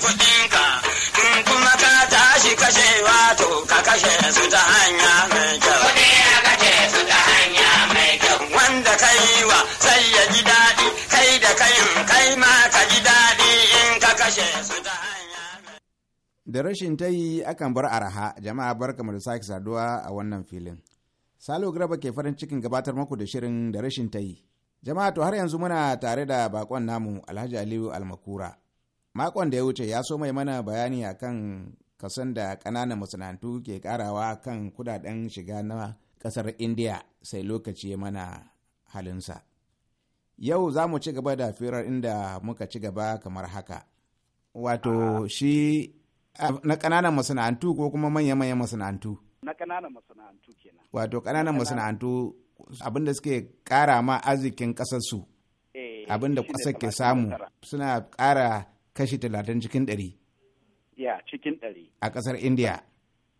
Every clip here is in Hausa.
sami in kuma ka tashi kashe wato ka kashe su ta hanya mai kyau. kashe su ta hanya mai kyau. Wanda ka yi wa sai ya ji daɗi kai da kayin kai ma ka ji daɗi in ka kashe su ta hanya Da rashin ta yi akan bar araha jama'a barkamu da sake saduwa a wannan filin. Salo Graba ke farin cikin gabatar muku da shirin da rashin ta yi. Jama'a to har yanzu muna tare da bakon namu Alhaji Aliyu Almakura. makon da ya wuce ya so mai mana bayani akan kasan da kananan masana'antu ke karawa kan kudaden shiga na kasar indiya sai lokaci ya mana halinsa yau za mu ci gaba da firar inda muka ci gaba kamar haka wato shi na kananan masana'antu ko kuma manya-manyan masana'antu na kananan masana'antu kenan wato kananan masana'antu abin da suke kara ma arzikin ƙasarsu eh, abin da ƙasar ke samu suna kara. kashi talatin cikin ɗari ya cikin ɗari a ƙasar indiya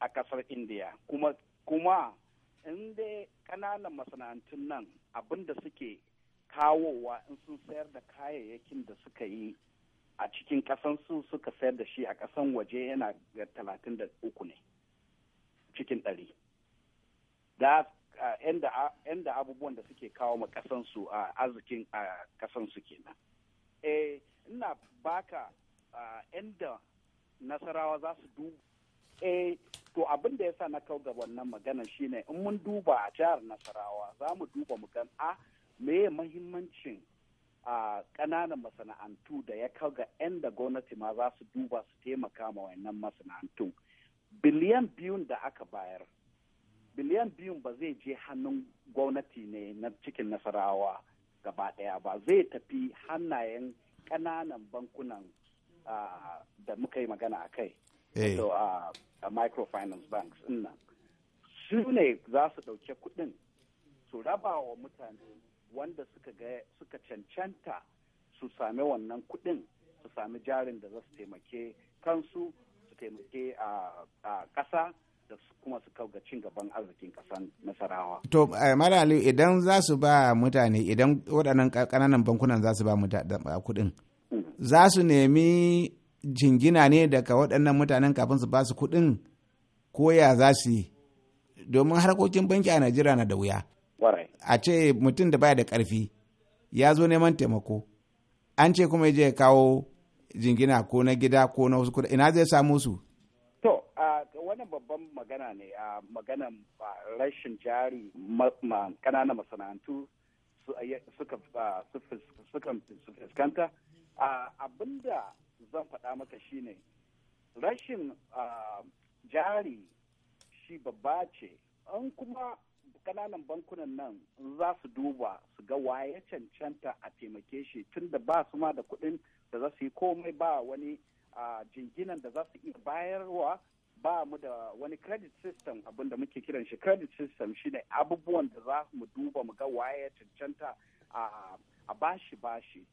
a ƙasar indiya kuma kuma in dai ƙananan masana'antun nan abin da suke kawowa in sun sayar da kayayyakin da suka yi a cikin su suka sayar da shi a ƙasan waje yana ga talatin da uku ne cikin ɗari da yanda abubuwan da suke kawo ma ƙasansu a arzikin a ƙasansu kenan eh ina baka inda nasarawa za su duba eh to abin da yasa na kau ga wannan magana shine in mun duba a jihar nasarawa za mu duba mu gan a meye mahimmancin a ƙananan masana'antu da ya kau ga 'yan da gwamnati ma za su duba su taimaka ma wannan masana'antu biliyan biyun da aka bayar biliyan biyun ba zai je hannun gwamnati ne na cikin nasarawa gaba ɗaya ba zai tafi hannayen ƙananan bankunan ah, da muka yi magana a kai to eh. a ah, ah, microfinance banks nan su ne za su ɗauki kuɗin su raba wa mutane wanda suka cancanta su sami wannan kuɗin su sami jarin da za su taimake kansu su taimake a ƙasa da kuma su ga cin gaban arzikin kasan nasarawa. To eh, Malam Ali idan za su ba mutane idan waɗannan ƙananan bankunan za su ba kuɗin hmm. za su nemi jingina ne daga waɗannan mutanen kafin su ba su kuɗin ko ya za su yi domin harkokin banki a Najeriya na da wuya. A ce mutum da baya da ƙarfi ya zo neman taimako an ce kuma ya je ya kawo jingina ko na gida ko na wasu kuɗi ina zai samu su wannan babban magana ne a maganan rashin jari kananan masana'antu suka fuskanta abinda zan faɗa maka shine rashin jari shi babba ce an kuma kananan bankunan nan za su duba su ga waye cancanta a taimake shi tunda ba su ma da kuɗin da za su yi komai ba wani jinginan da za su iya bayarwa ba mu da wani credit system abin da muke kiran shi credit system shine abubuwan da za mu duba mu ga waye cancanta a bashi bashi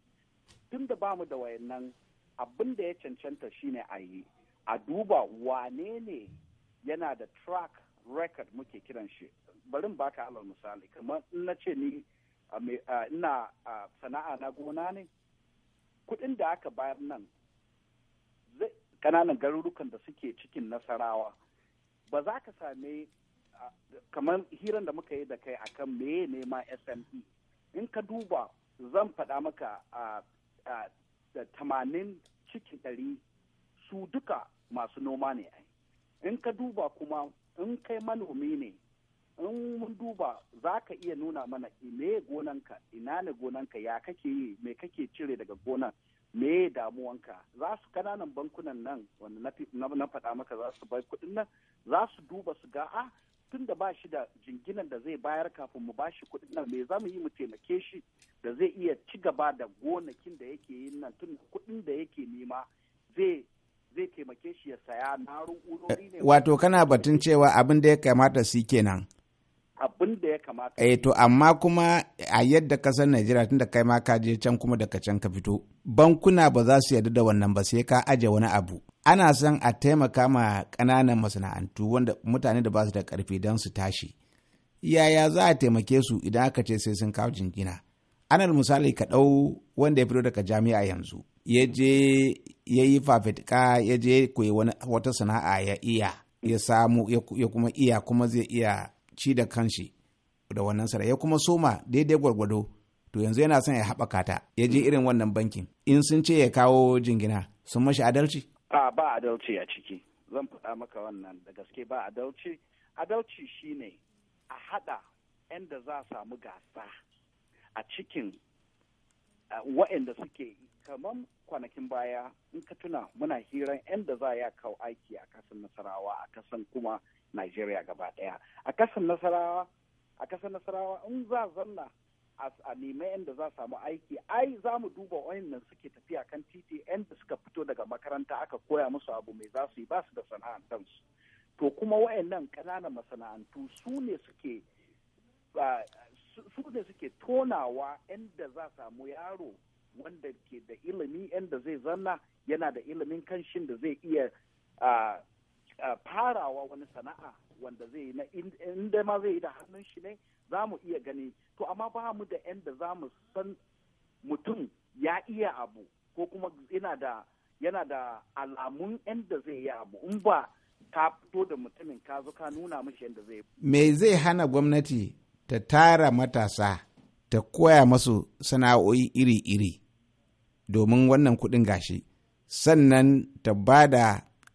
tun da ba mu da wayannan abin da ya cancanta shine a yi a duba wane ne yana da track record muke kiran shi barin baka alal misali kamar in na ce ni ina sana'a na gona ne kudin da aka bayar nan kananan garurukan da suke cikin nasarawa ba za ka same kamar hiran da muka yi da kai akan meye nema ma SME in ka duba zan faɗa maka da tamanin cikin ɗari su duka masu noma ne ai in ka duba kuma in kai manomi ne in mun duba za ka iya nuna mana ime gonanka ina ne gonanka ya kake yi me kake cire daga gonan me damuwanka za su kananan bankunan nan wanda na faɗa maka za su bai kuɗin nan za su duba su ga a ah, tun da ba shi da jinginan da zai bayar kafin mu ba shi kuɗin nan me za mu yi mu taimake shi da zai iya ci gaba da gonakin da yake yin nan tun kuɗin da yake nema zai zai taimake shi ya saya na ne eh, wato kana batun cewa abin da ya kamata su kenan abin da ya kamata. Eh to amma kuma a yadda kasar Najeriya tunda kai ma ka je can kuma daga can ka fito. Bankuna ba za su yarda da wannan ba sai ka aje wani abu. Ana son a taimaka ma ƙananan masana'antu wanda mutane da ba su da ƙarfi don su tashi. Yaya za a taimake su idan aka ce sai sun kawo jingina? Anal misali ka ɗau wanda ya fito daga jami'a yanzu. Ya je ya yi fafitika ya je koyi wata sana'a ya iya ya samu ya kuma iya kuma zai iya ci da kanshi da wannan sara ya kuma soma daidai gwargwado to yanzu yana son ya haɓaka ta ya je irin wannan bankin in sun ce ya kawo jingina sun mashi adalci a ba adalci a ciki zan faɗa maka wannan da gaske ba adalci adalci shine a haɗa 'yan da za samu gasa a cikin wa'anda suke kamar kwanakin baya in ka tuna muna hiran 'yan da za ya kawo aiki a kasan nasarawa a kasan kuma Najeriya gaba ɗaya. A ƙasar Nasarawa, a ƙasar Nasarawa in za zanna a nemi yadda za samu aiki ai za mu duba wayannan suke tafiya kan titi yadda suka fito daga makaranta aka koya musu abu mai za su yi ba su da sana'antarsu to kuma wayannan ƙananan masana'antu su ne suke su ne suke tonawa yadda za samu yaro wanda ke da ilimi yadda zai zanna yana da ilimin kanshin da zai iya ah, Eh, farawa wani sana'a wanda zai yi na inda ma zai yi da hannun shi ne za mu iya gani to amma ba mu da yan da za mu san mutum ya iya abu ko kuma yana da yana da alamun yan da zai yi abu in ba ka fito da mutumin ka zo ka nuna mishi da zai me zai hana gwamnati ta tara matasa ta koya masu sana'o'i iri-iri domin wannan kuɗin gashi sannan ta bada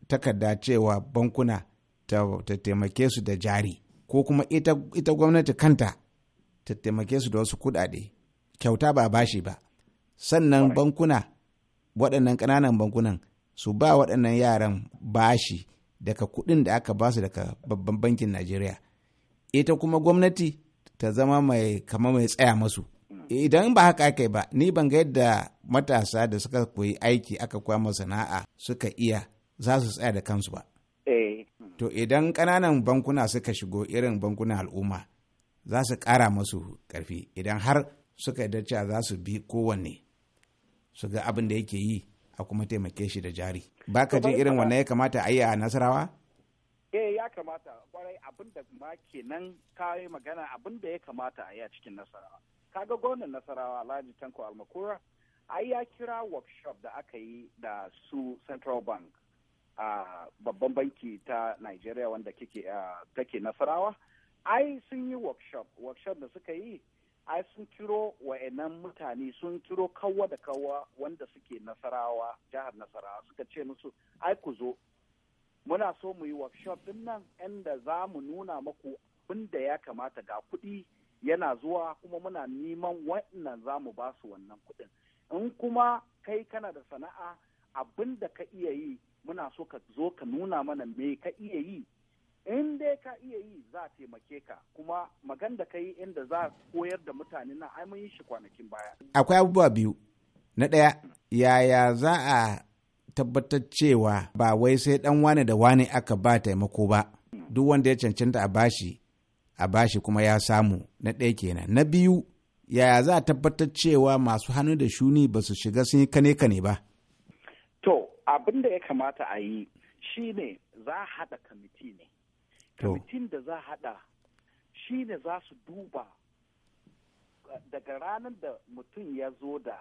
takarda cewa bankuna ta taimake su da jari ko kuma ita, gwamnati kanta ta taimake su da wasu kuɗaɗe kyauta ba bashi ba sannan bankuna waɗannan ƙananan bankunan su ba waɗannan yaran bashi daga kuɗin da aka basu daga babban bankin najeriya ita kuma gwamnati ta zama mai kama mai tsaya masu idan ba haka aka ba ni ban ga yadda matasa da suka koyi aiki aka kwama sana'a suka iya za su tsaya da kansu ba. Eh. To idan ƙananan bankuna suka shigo irin bankunan al'umma za su ƙara masu ƙarfi idan har suka yi cewa za su bi kowanne su ga abin da yake yi a kuma taimake shi da jari. Ba ka jin irin wannan ya kamata a yi a Nasarawa? Eh ya kamata kwarai abin da ma nan kawai magana abin da ya kamata a yi a cikin Nasarawa. Kaga gwamnan Nasarawa Alhaji Tanko Almakura ai ya kira workshop da aka yi da su Central Bank a babban banki ta Nigeria wanda kike take nasarawa ai sun yi workshop workshop da suka yi ai sun kiro wa'annan mutane sun kiro kawa da kawa wanda suke nasarawa jihar nasarawa suka ce musu ai ku zo muna so mu yi workshop din nan inda za mu nuna maku abin da ya kamata ga kuɗi yana zuwa kuma muna neman wannan za mu ba su wannan kuɗin in kuma kai kana da sana'a abinda ka iya yi muna so ka zo ka nuna mana me ka iya yi in dai ka iya yi za a taimake ka kuma magan da ka yi inda za a koyar da mutane na ai mun yi shi kwanakin baya akwai abubuwa biyu na ɗaya yaya za a tabbatar cewa ba wai sai ɗan wane da wane aka ba taimako ba duk wanda ya cancanta a bashi a bashi kuma ya samu na ɗaya kenan na biyu yaya za a tabbatar cewa masu hannu da shuni ba su shiga sun yi kane-kane ba abin da ya kamata a yi shine za a haɗa kamiti ne kamitin da za a haɗa shine za su duba eh, daga ranar da mutum ya zo da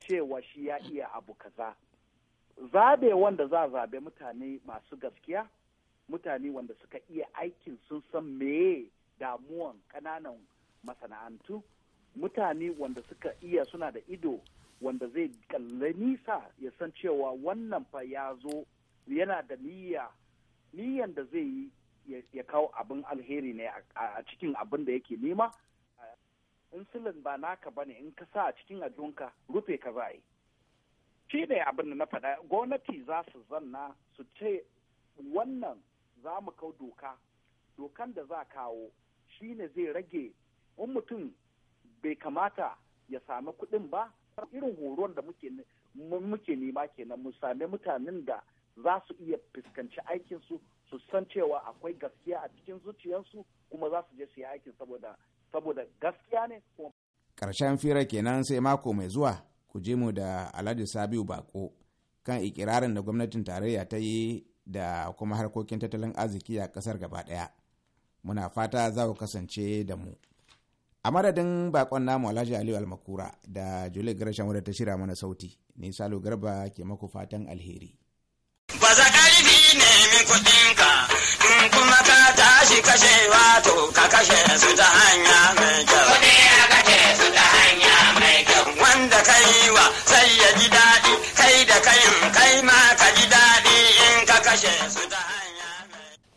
cewa shi ya iya abu kaza zabe wanda za a zabe mutane masu gaskiya mutane wanda suka iya aikin sun san meye damuwan ƙananan masana'antu mutane wanda suka iya suna da ido wanda zai kalle nisa ya san cewa wannan fa ya zo yana da niyya niyyan da zai yi ya kawo abin alheri ne a cikin abin da yake nema insulin ba naka ba ne in ka sa a cikin ajiyonka rufe ka za yi shi ne abin da na faɗa gwamnati za su zanna su ce wannan za mu kau doka dokan da za kawo shi ne zai rage in mutum bai kamata ya sami kuɗin ba irin horon da muke nema kenan mu sami mutanen da za su iya fuskanci aikin su su san cewa akwai gaskiya a cikin zuciyarsu kuma za su je su yi aikin saboda saboda gaskiya ne ƙarshen fira kenan sai mako mai zuwa ku je mu da alhaji sabiu bako kan ikirarin da gwamnatin tarayya ta yi da kuma harkokin tattalin arziki a ƙasar gaba ɗaya muna fata za ku kasance da mu a madadin bakon namu alhaji aliyu almakura da julie gresham wadda ta shirya mana sauti ni salo garba ke maku fatan alheri ba za fi nemin kuɗinka in kuma ka tashi kashe wato ka kashe su ta hanya mai kyau kuɗi ya kashe su ta hanya mai kyau wanda ka yi wa sai ya ji daɗi kai da kayin kai ma ka ji daɗi in ka kashe su ta